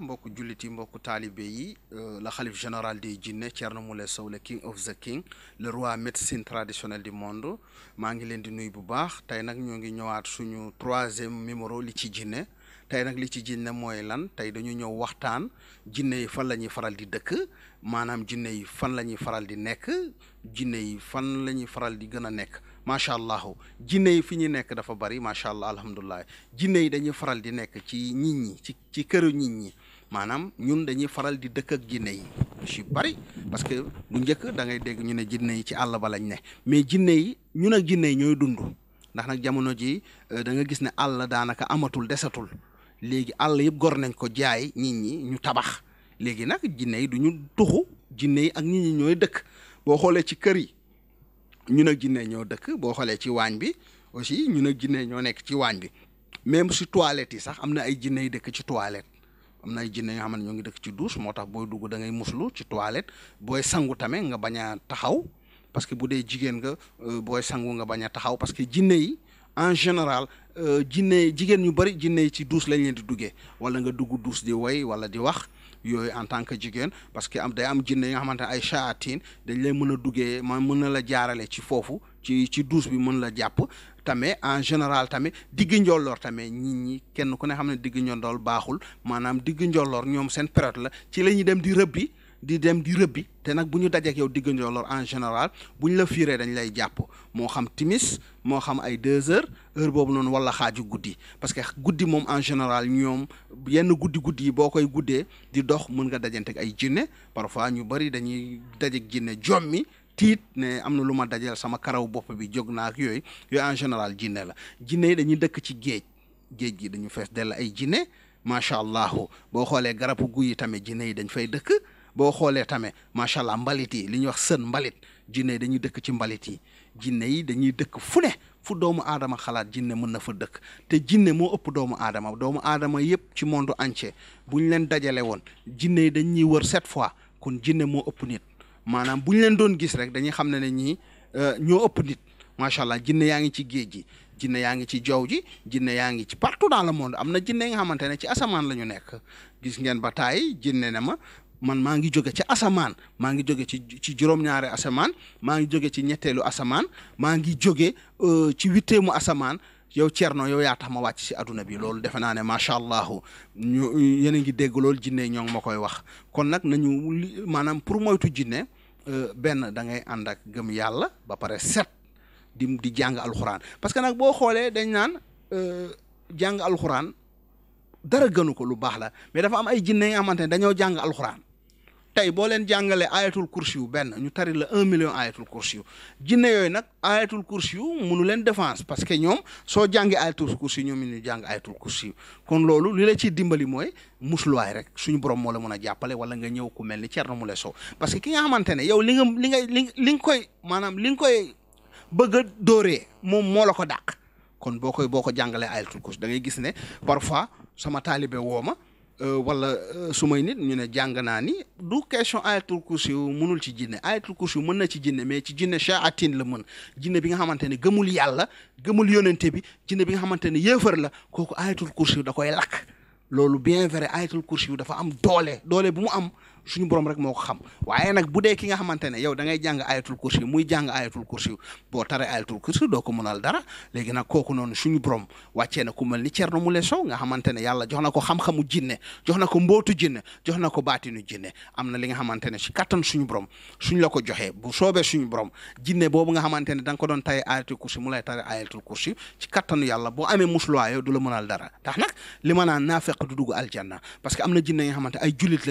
mbokku jullit yi mbokku taalibe yi euh, la xalif général di jinne Thierno Moule Sow le king of the king le roi médecine traditionnelle du monde maa ngi leen di nuyu bu baax tey nag ñoo ngi ñëwaat suñu troisième numéro li ci jinne tey nag li ci jinne mooy lan tey dañu ñëw waxtaan jinne yi fan la ñuy faral di dëkk maanaam jinne yi fan la ñuy faral di nekk jinne yi fan la ñuy faral di gën a nekk macha allah jinne yi fi ñu nekk dafa bari macha allah alhamdulilah jinne yi dañuy faral di nekk ci nit ñi ci ci këru nit ñi maanaam ñun dañuy faral di dëkk ak jinne yi ci bari parce que bu njëkk da ngay dégg ñu ne jinne yi ci àll ba lañ ne mais jinne yi ñun ak jinne yi ñooy dund ndax nag jamono ji euh, da nga gis ne àll daanaka amatul desatul léegi àll yëpp gor nañ ko jaay nit ñi ñu tabax léegi nag jinne yi du ñu tuxu jinne yi ak nit ñi ñooy dëkk boo xoolee ci kër yi ñun ak jinne ñoo dëkk boo xoolee ci waañ bi aussi ñun ak jinne ñoo nekk ci waañ bi même si toilette yi sax am na ay jinne yi dëkk ci toilette am na ay jinne yoo xam ne ñoo ngi dëkk ci douche moo tax booy dugg da ngay muslu ci toilette booy sangu tamit nga bañ a taxaw parce que bu dee jigéen nga euh, booy sangu nga bañ a taxaw parce que jinne yi en général euh, jinne jigéen ñu bari jinne yi ci douche lañ leen di duggee wala nga dugg douche di woy wala di wax yooyu en tant que jigéen parce que am day am jinne yi nga xamante ne ay chaatin dañ lay mën a duggee ma mën na la jaarale ci foofu ci ci douche bi mën la jàpp tamit en général tamit digg njolloor tamit ñii kenn ku ne xam ne digg njolloor baaxul maanaam digg njolloor ñoom seen période la ci la ñuy dem di rëbbi di dem di rëbbi te nag bu ñu dajeek yow digg njolloor en général bu ñu la fiiree dañ lay jàpp moo xam timis moo xam ay deux heures heure boobu noonu wala xaaju guddi parce que guddi moom en général ñoom yenn guddi guddi yi boo koy guddee di dox mën nga dajante ak ay jinne parfois ñu bëri dañuy dajeek jinne jommi tiit ne am na lu ma dajal sama karaw bopp bi jóg naa ak yooyu en général jinne la jinne yi dañuy dëkk ci géej géej gi dañu fees dell ay jinne macha allah boo xoolee garabu guy yi tamit jinne yi dañ fay dëkk boo xoolee tamit macha allah mbalit yi li ñuy wax sën mbalit jinne dañuy dëkk ci mbalit yi jinne yi dañuy dëkk fu ne fu doomu aadama xalaat jinne mën na fa dëkk te jinne moo ëpp doomu aadama doomu aadama yëpp ci monde entier bu ñu leen dajale woon jinne yi dañ ñuy wër sept fois kon jinne moo ëpp nit maanaam bu ñu leen doon gis rek dañuy xam ne ne ñii euh, ñoo ëpp nit macha allah jinne yaa ngi ci géej gi jinne yaa ngi ci jaww ji jinne yaa ngi ci partout dans le monde am na jinne nga xamante ne ci asamaan la ñu nekk gis ngeen ba taay jinne ne ma man maa ngi jóge ci asamaan maa ngi jóge ci ci juróom-ñaari asamaan maa ngi jóge ci ñetteelu asamaan maa ngi jóge euh, ci huitième asamaan yow Thierno yow yaa tax ma wàcc si adduna bi loolu defe naa ne macha allah ñu yéen a ngi dégg loolu jinne ñoo ma koy wax kon nag nañu maanaam pour moytu jinne Euh, benn da ngay ànd ak gëm yàlla ba pare set di di jàng alxuraan parce que nag boo xoolee dañ naan euh, jàng alxuraan dara gënu ko lu baax la mais dafa am ay jinne yi amante ne dañoo jàng alxuraan tey boo leen jàngalee ayatul kursi yu benn ñu tari la un million ayatul kursi yu jinne yooyu nag ayatul kursi yu munu leen défense parce que ñoom soo jàngee ayatul kursi ñoom ñu jàng ayatul kursi yu kon loolu li la ciy dimbali mooy musluwaay rek suñu borom moo la mën a jàppale wala nga ñëw ku mel ni Thierno Moule Sow parce que ki nga xamante ne yow li nga li nga li li nga koy maanaam li nga koy bëgg a dóoree moom moo la ko dàq kon boo koy boo ko jàngalee ayatul kursi da ngay gis ne parfois sama taalibe woo ma Euh, wala euh, su may nit ñu ne jàng naa ni du question ayatul kursi mënul ci jinne ayatul kursi mën na ci jinne mais ci jinne shaatin la mën jinne bi nga xamante ne gëmul yàlla gëmul yonente bi jinne bi nga xamante ne yéefar la kooku ayatul kursi da koy lakk loolu bien vrai ayatul kursi dafa am doole doole bu mu am suñu borom rek moo ko xam waaye nag bu dee ki nga xamante ne yow da ngay jàng ayatul kursi muy jàng ayatul kursi boo tare ayatul kursi doo ko mënal dara léegi nag kooku noonu suñu borom wàccee na ku mel ni Thierno mu Sow nga xamante ne yàlla jox na ko xam-xamu jinne jox na ko mbootu jinne jox na ko baatinu jinne am na li nga xamante ne si kattan suñu borom suñ la ko joxee bu soobee suñu borom jinne boobu nga xamante ne da nga ko doon tare ayatul kursi mu lay tare ayatul kursi ci kattanu yàlla boo amee musluwaayoo du la mënal dara ndax nag li ma naan naafeq du dugg aljanna parce que am na jinne nga xamante ay julit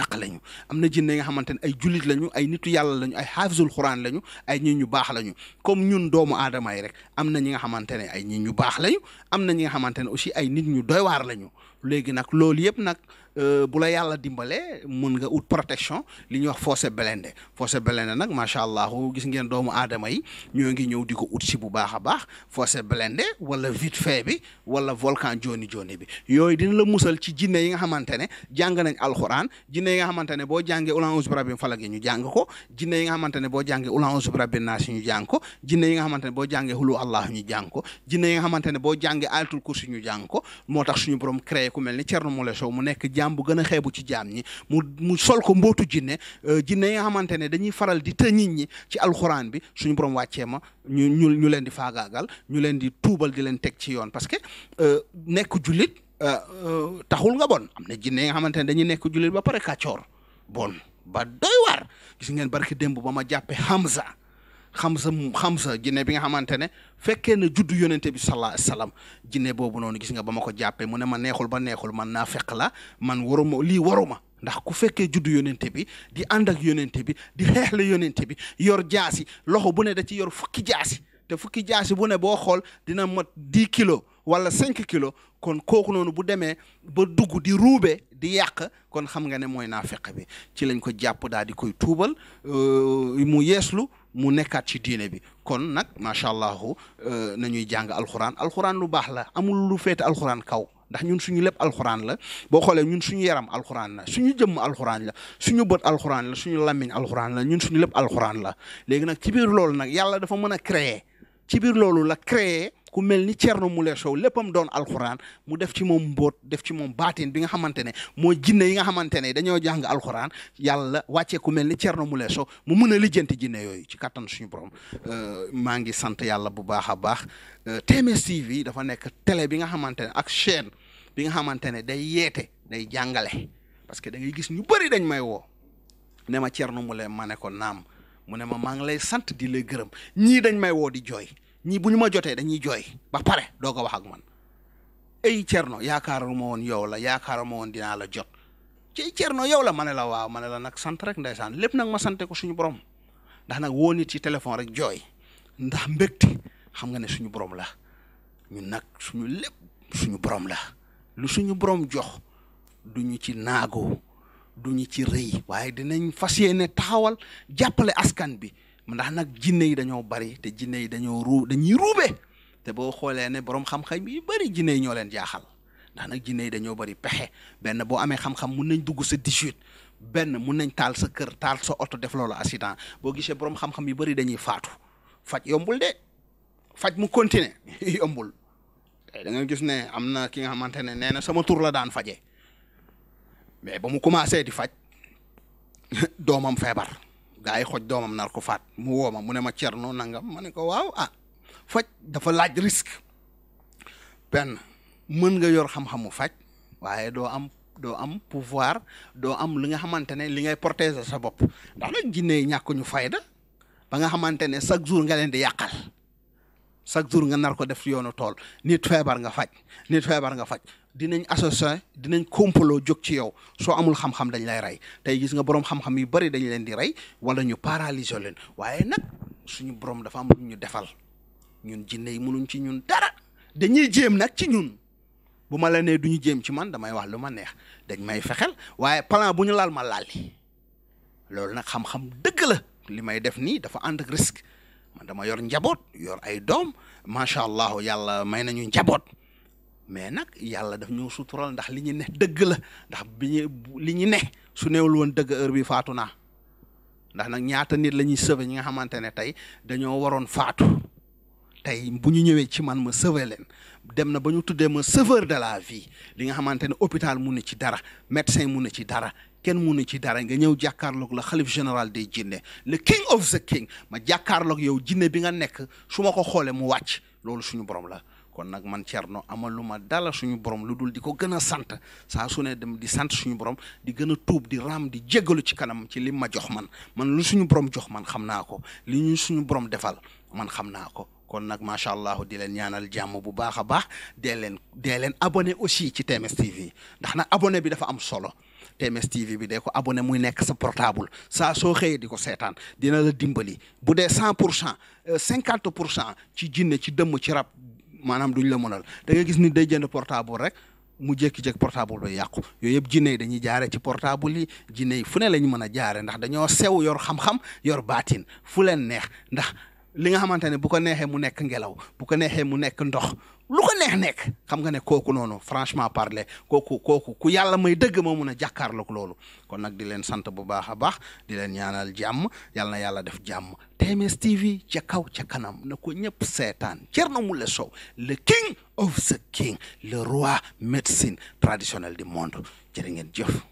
naafeq lañu am na jinne nga xamante ne ay jullit lañu ay nitu yàlla lañu ay xaafisul xuraan lañu ay ñi ñu baax lañu comme ñun doomu aadama yi rek am na ñi nga xamante ne ay ñi ñu baax lañu am na ñi nga xamante ne aussi ay nit ñu doy waar lañu léegi nag loolu yëpp nag Euh, bu la yàlla dimbalee mun nga ut protection li ñuy wax fossé blindé fossé blindé nag macha allah gis ngeen doomu aadama yi ñoo ngi ñëw di ko ut si bu baax a baax fossé blindé wala vite fait bi wala volcan joni joni bi yooyu dina la musal ci jinne yi nga xamante ne jàng nañ alxuraan jinne yi nga xamante ne boo jàngee ulan auzu bi ñu jàng ko jinne yi nga xamante ne boo jàngee ulan auzu bi rabbin naas ñu jàng ko jinne yi nga xamante ne boo jàngee hulu allah ñu jàng ko jinne yi nga xamante ne boo jàngee ayatul ñu jàng ko moo tax suñu borom créé ku mel ni jaam bu gën a xeebu ci jaam ñi mu mu sol ko mbootu jinne euh, jinne yi nga xamante ne dañuy faral di të nit ñi ci alxuraan bi suñu borom wàccee ma ñu ñu ñu leen di faagaagal ñu leen di tuubal di leen teg ci yoon parce que euh, nekk jullit euh, taxul nga bon am na jinne yi nga xamante ne dañuy nekk jullit ba pare kàccoor bon ba doy waar gis ngeen barki démb ba ma jàppee Hamza xam sa xam sa jinne bi nga xamante ne fekkee na juddu yonente bi sallallahu alayhi wasallam jinne boobu noonu gis nga ba ma ko jàppee mu ne ma neexul ba neexul man naa fekk la man waruma lii waruma ndax ku fekkee juddu yonente bi di ànd ak yonente bi di xeexle yonente bi yor jaasi loxo bu ne da ci yor fukki jaasi te fukki jaasi bu ne boo xool dina mot di kilo wala cinq kilos kon kooku noonu bu demee ba dugg di ruube di yàq kon xam nga ne mooy naafeq bi ci lañ ko jàpp daal di koy tuubal euh, mu yeeslu mu nekkaat ci diine bi kon nag macha allah euh, ñuy jàng alxuraan alxuraan lu baax la amul lu féete alxuraan kaw ndax ñun suñu lépp alxuraan la boo xoolee ñun suñu yaram alxuraan la suñu jëmm alxuraan la suñu bët alxuraan suñu làmmiñ alxuraan la ñun suñu lépp alxuraan la léegi nag ci biir loolu nag yàlla dafa mën a créer ci biir loolu la créer ku mel ni nu Moule Sow léppam doon alxuraan mu def ci moom mbóot def ci moom baatin bi nga xamante ne moo jinne yi nga xamante ne dañoo jàng alxuraan yàlla wàccee ku mel ni Thierno Moule Sow mu mën a lijjanti jinne yooyu ci kattan suñu borom euh, maa ngi sant yàlla bu baax a baax euh, TMS TV dafa nekk télé bi nga xamante ne ak chaîne bi nga xamante ne day yeete day jàngale parce que da ngay gis ñu bëri dañ may woo ne ma Thierno Moule ma ne ko naam mu ne ma maa ngi lay sant di la gërëm ñii dañ may woo di jooy ñi bu ñu ma jotee dañuy jooy ba pare doog a wax ak man ay yaakaar yaakaaruma woon yow la yaakaaruma woon dinaa la jot ci no yow la ma ne la waaw ma ne la nag sant rek ndeysaan lépp nag ma sante ko suñu borom ndax nag woo ci téléphone rek jooy ndax mbégte xam nga ne suñu borom la ñun nag suñu lépp suñu borom la lu suñu borom jox duñu ci naagoo duñu ci rëy waaye dinañ fas ne taxawal jàppale askan bi ndax nag jinne yi dañoo bari te jinne yi dañoo ruu dañuy ruube te boo xoolee ne borom xam-xam yi bari jinne yi ñoo leen jaaxal ndax nag jinne yi dañoo bari pexe benn boo amee xam-xam mun nañ dugg sa 18 benn mun nañ taal sa kër taal sa oto def loolu accident boo gisee borom xam-xam yu bari dañuy faatu faj yombul de faj mu continuer yombul tey da gis ne am na ki nga xamante ne nee na sama tur la daan faje mais ba mu commencé di faj doomam feebar. gaa yi xoj doomam nar ko faat mu woo ma mu ne ma cerno nangam ma ne ko waaw ah faj dafa laaj risque benn mën nga yor xam-xamu faj waaye doo am doo am pouvoir doo am li nga xamante ne li ngay protéger sa bopp ndax nag jinne yi ñàkk ñu fayda ba nga xamante ne chaque jour nga leen di yàqal chaque jour nga nar ko def yoonu tool nit feebar nga faj nit feebar nga faj dinañ associé dinañ kompaloo jóg ci yow soo amul xam-xam dañ lay rey tey gis nga boroom xam-xam yu bari dañ leen di rey wala ñu paralyser leen waaye nag suñu borom dafa am ñu defal ñun jinne yi mënuñ ci ñun dara dañuy jéem nag ci ñun bu ma la nee du ñu jéem ci man damay wax lu ma neex dañ may fexel waaye plan bu ñu laal ma laal loolu nag xam-xam dëgg la li may def nii dafa ànd ak man dama yor njaboot yor ay doom macha allah yàlla may nañu njaboot mais nag yàlla daf ñu sutural ndax li ñu ne dëgg la ndax bu ñu li ñu ne su neewul woon dëgg heure bi faatu naa ndax nag ñaata nit la ñuy sauver ñi nga xamante ne tey dañoo waroon faatu tey bu ñu ñëwee ci man ma sauver leen dem na ba ñu tuddee ma sauveur de la vie li nga xamante ne hôpital mun na ci dara médecin mun na ci dara kenn munu ci dara nga ñëw jàkkaarlook la xalif général des jinne le king of the king ma jàkkaarlook yow jinne bi nga nekk su ma ko xoolee mu wàcc loolu suñu borom la kon nag man Thierno ma dala suñu borom lu dul di ko gën a sant saa su ne dem di sant suñu borom di gën a tuub di raam di jéggalu ci kanam ci lim ma jox man man lu suñu borom jox man xam naa ko li ñu suñu borom defal man xam naa ko. kon nag macha allah di leen ñaanal jàmm bu baax a baax dee leen dee leen abonné aussi ci TMS TV ndax nag abonné bi dafa am solo. TMS TV bi dee ko abonné muy nekk sa portable saa soo xëyee di ko seetaan dina la dimbali bu dee cent pour cent euh, cinquante pour cent ci jinne ci dëmm ci rab maanaam duñ la mënal da nga gis ni day jënd portable rek mu jékki-jékki portable bay yàqu yooyu yëpp jinne dañuy jaare ci portable yi jinne fu ne lañ mën a jaare ndax dañoo sew yor xam-xam yor baatin fu leen neex ndax li nga xamante ne bu ko neexee mu nekk ngelaw bu ko neexee mu nekk ndox lu ko neex nekk xam nga ne kooku noonu franchement parler kooku kooku ku yàlla may dëgg moo mun a jàkkaarloog loolu kon nag di leen sant bu baax a baax di leen ñaanal jàmm yàlla na yàlla def jàmm TMS TV ca kaw ca kanam na ko ñëpp seetaan Thierno Moule Sow le king of the king le roi médecine traditionnelle du monde jërë ngeen